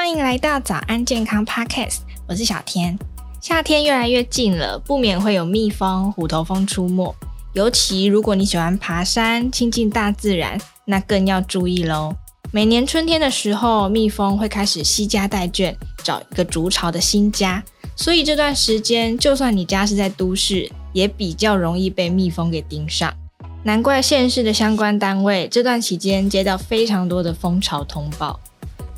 歡迎來到早安健康 Podcast，我是小天。夏天越來越近了，不免會有蜜蜂、虎頭蜂出沒。尤其如果你喜歡爬山、親近大自然，那更要注意嘍。每年春天的時候，蜜蜂會開始攜家帶眷，找一個築巢的新家。所以這段時間，就算你家是在都市，也比較容易被蜜蜂給盯上。難怪縣市的相關單位這段期間接到非常多的蜂巢通報。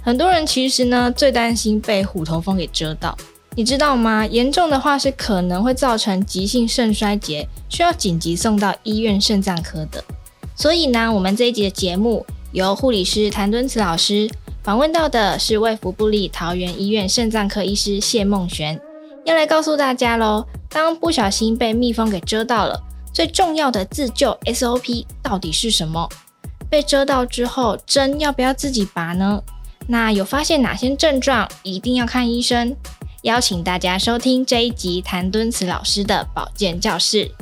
很多人其實呢，最擔心被虎頭蜂給螫到，你知道嗎？嚴重的話是可能會造成急性腎衰竭，需要緊急送到醫院腎臟科的。所以呢，我們這一集的節目由護理師譚敦慈老師訪問到的是衛福部立桃園醫院腎臟科醫師謝孟璇，要來告訴大家嘍，當不小心被蜜蜂給螫到了，最重要的自救 SOP 到底是什麼？被螫到之後，針要不要自己拔呢？那有發現哪些症狀一定要看醫生？邀請大家收聽這一集譚敦慈老師的保健教室。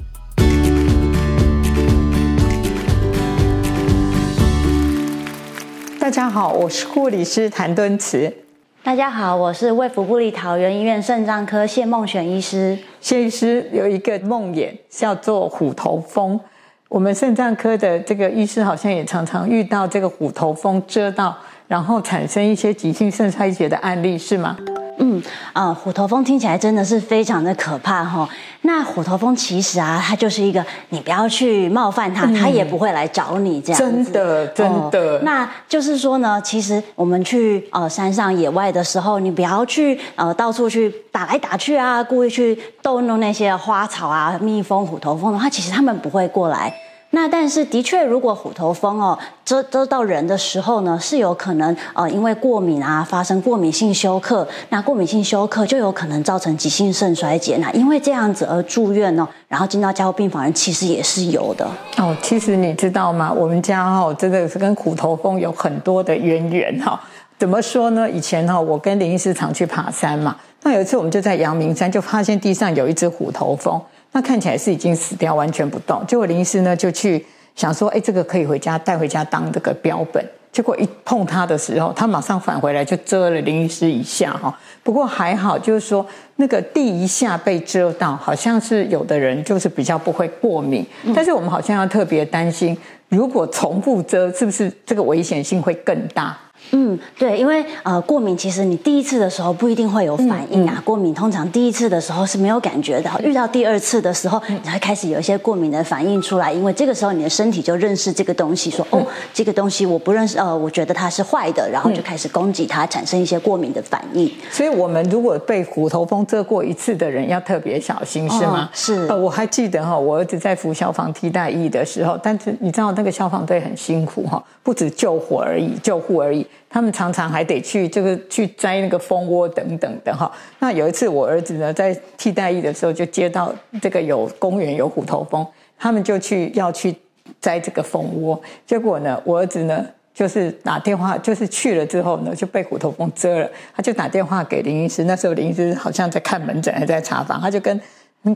大家好，我是護理師譚敦慈。大家好，我是衛福部立桃園醫院腎臟科謝孟璇醫師。謝醫師有一個夢魘叫做虎頭蜂，我們腎臟科的這個醫師好像也常常遇到這個虎頭蜂螫到。然後產生一些急性腎衰竭的案例，是嗎？嗯，啊、呃，虎頭蜂聽起來真的是非常的可怕哈、哦。那虎頭蜂其實啊，它就是一個你不要去冒犯它，嗯，它也不會來找你這樣子。真的，真的、哦。那就是說呢，其實我們去呃山上野外的時候，你不要去呃到處去打來打去啊，故意去逗弄那些花草啊、蜜蜂、虎頭蜂的話，其實它們不會過來那但是的確，如果虎頭蜂哦蜇蜇到人的時候呢，是有可能呃因為過敏啊發生過敏性休克，那過敏性休克就有可能造成急性腎衰竭，那因為這樣子而住院哦，然後進到加護病房人其實也是有的。哦，其實你知道嗎？我們家哈真的是跟虎頭蜂有很多的淵源哈。怎麼說呢？以前哈我跟林醫師常去爬山嘛，那有一次我們就在陽明山就發現地上有一隻虎頭蜂。那看起來是已經死掉，完全不動。結果林醫師呢就去想說，哎、欸，這個可以回家帶回家當這個標本。結果一碰它的時候，它馬上返回來就螫了林醫師一下哈。不過還好，就是說那個第一下被螫到，好像是有的人就是比較不會過敏，嗯、但是我們好像要特別擔心。如果重複螫，是不是這個危險性會更大？嗯，對，因為呃，過敏其實你第一次的時候不一定會有反應啊。嗯嗯、過敏通常第一次的時候是沒有感覺的，嗯、遇到第二次的時候，才、嗯、會開始有一些過敏的反應出來。因為這個時候你的身體就認識這個東西說，說、嗯、哦，這個東西我不認識，呃，我覺得它是壞的，然後就開始攻擊它，產生一些過敏的反應。嗯、所以我們如果被虎頭蜂蟄過一次的人，要特別小心，是嗎？哦、是、呃。我還記得哈，我兒子在服消防替代役的時候，但是你知道。那個消防隊很辛苦哈，不止救火而已，救護而已，他們常常還得去這個、就是、去摘那個蜂窩等等的哈。那有一次我兒子呢在替代役的時候，就接到這個有公園有虎頭蜂，他們就去要去摘這個蜂窩，結果呢我兒子呢就是打電話，就是去了之後呢就被虎頭蜂蟄了，他就打電話給林醫師，那時候林醫師好像在看門診還在查房，他就跟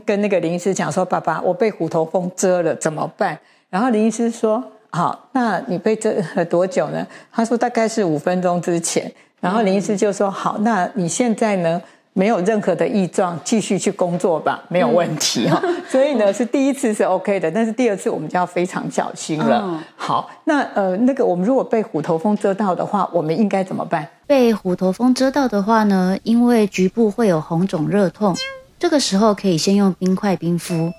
跟那個林醫師講說：“爸爸，我被虎頭蜂蟄了，怎麼辦？”然後林醫師說：“好，那你被蟄了多久呢？”他說：“大概是五分鐘之前。”然後林醫師就說：“好，那你現在呢沒有任何的異狀，繼續去工作吧，沒有問題哈。 所以呢，是第一次是 OK 的，但是第二次我們就要非常小心了。好，那呃，那個我們如果被虎頭蜂蟄到的話，我們應該怎麼辦？被虎頭蜂蟄到的話呢，因為局部會有紅腫熱痛，這個時候可以先用冰塊冰敷。”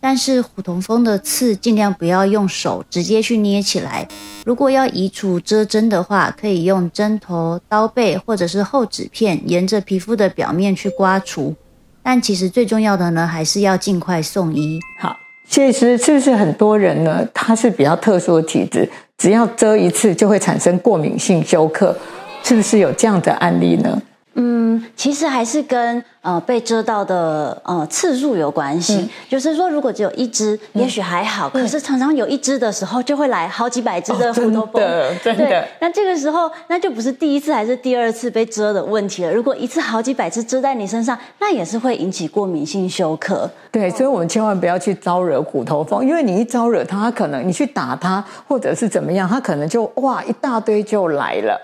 但是虎頭蜂的刺盡量不要用手直接去捏起來，如果要移除螫針的話，可以用針頭、刀背或者是厚紙片，沿着皮膚的表面去刮除。但其實最重要的呢，還是要盡快送醫。好，其實，是不是很多人呢？他是比較特殊的體質，只要螫一次就會產生過敏性休克，是不是有這樣的案例呢？嗯，其實還是跟呃被遮到被螫到的呃次數有關係。嗯、就是說，如果只有一只，也許還好；嗯、可是常常有一只的時候，就會來好幾百只的虎頭蜂。哦、對，的那這個時候，那就不是第一次還是第二次被螫的問題了。如果一次好幾百只螫在你身上，那也是會引起過敏性休克。對，所以我們千萬不要去招惹虎頭蜂，對因為你一招惹它，它可能你去打它，或者是怎麼樣，它可能就哇一大堆就來了。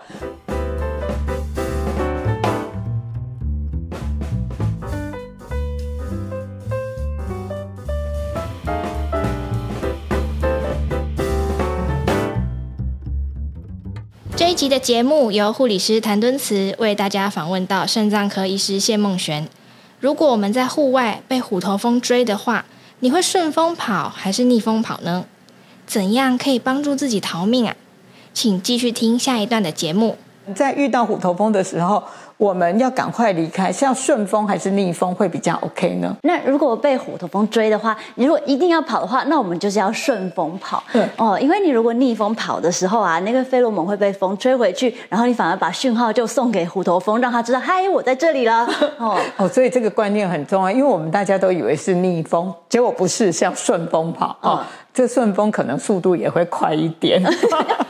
這一集的節目由護理師譚敦慈為大家訪問到腎臟科醫師謝孟璇。如果我們在戶外被虎頭蜂追的話，你會順風跑還是逆風跑呢？怎樣可以幫助自己逃命啊？請繼續聽下一段的節目。在遇到虎頭蜂的時候。我們要趕快離開，是要順風還是逆風會比較 OK 呢？那如果被虎頭蜂追的話，你如果一定要跑的話，那我們就是要順風跑。嗯，哦，因為你如果逆風跑的時候啊，那個費洛蒙會被風吹回去，然後你反而把訊號就送給虎頭蜂，讓他知道嗨，我在這裡了。哦哦，所以這個觀念很重要，因為我們大家都以為是逆風，結果不是，是要順風跑哦，哦，這順風可能速度也會快一點。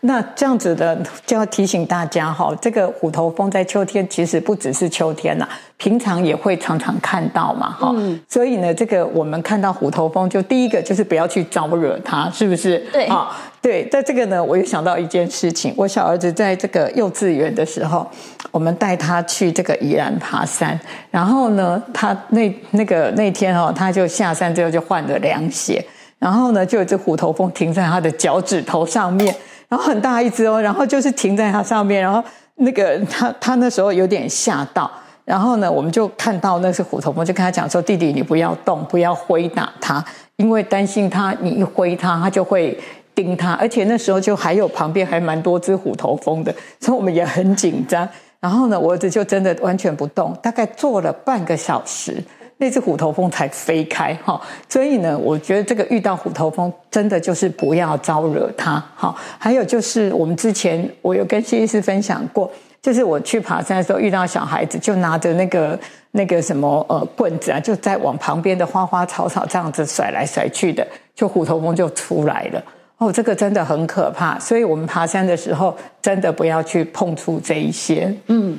那這樣子的就要提醒大家哈、哦，這個虎頭蜂在秋天其實不只是秋天啦、啊，平常也會常常看到嘛哈。嗯、所以呢，這個我們看到虎頭蜂，就第一個就是不要去招惹它，是不是？對啊、哦，對，在這個呢，我又想到一件事情，我小兒子在這個幼稚園的時候，我們帶他去這個宜蘭爬山，然後呢，他那那個那天哦，他就下山之後就換了涼鞋，然後呢，就有只虎頭蜂停在他的腳趾頭上面。然後很大一只哦，然後就是停在它上面，然後那個他他那時候有點嚇到，然後呢，我們就看到那是虎頭蜂，就跟他講說：“弟弟，你不要動，不要揮打它，因為擔心它，你一揮它，它就會叮它。而且那時候就還有旁邊還蠻多只虎頭蜂的，所以我們也很緊張。然後呢，我兒子就真的完全不動，大概坐了半個小時。”那隻虎頭蜂才飛開哈，所以呢，我覺得這個遇到虎頭蜂，真的就是不要招惹它哈。還有就是，我們之前我有跟謝醫師分享過，就是我去爬山的時候，遇到小孩子就拿着那個那個什麼呃棍子啊，就在往旁邊的花花草草這樣子甩來甩去的，就虎頭蜂就出來了。哦，這個真的很可怕，所以我們爬山的時候真的不要去碰觸這一些。嗯。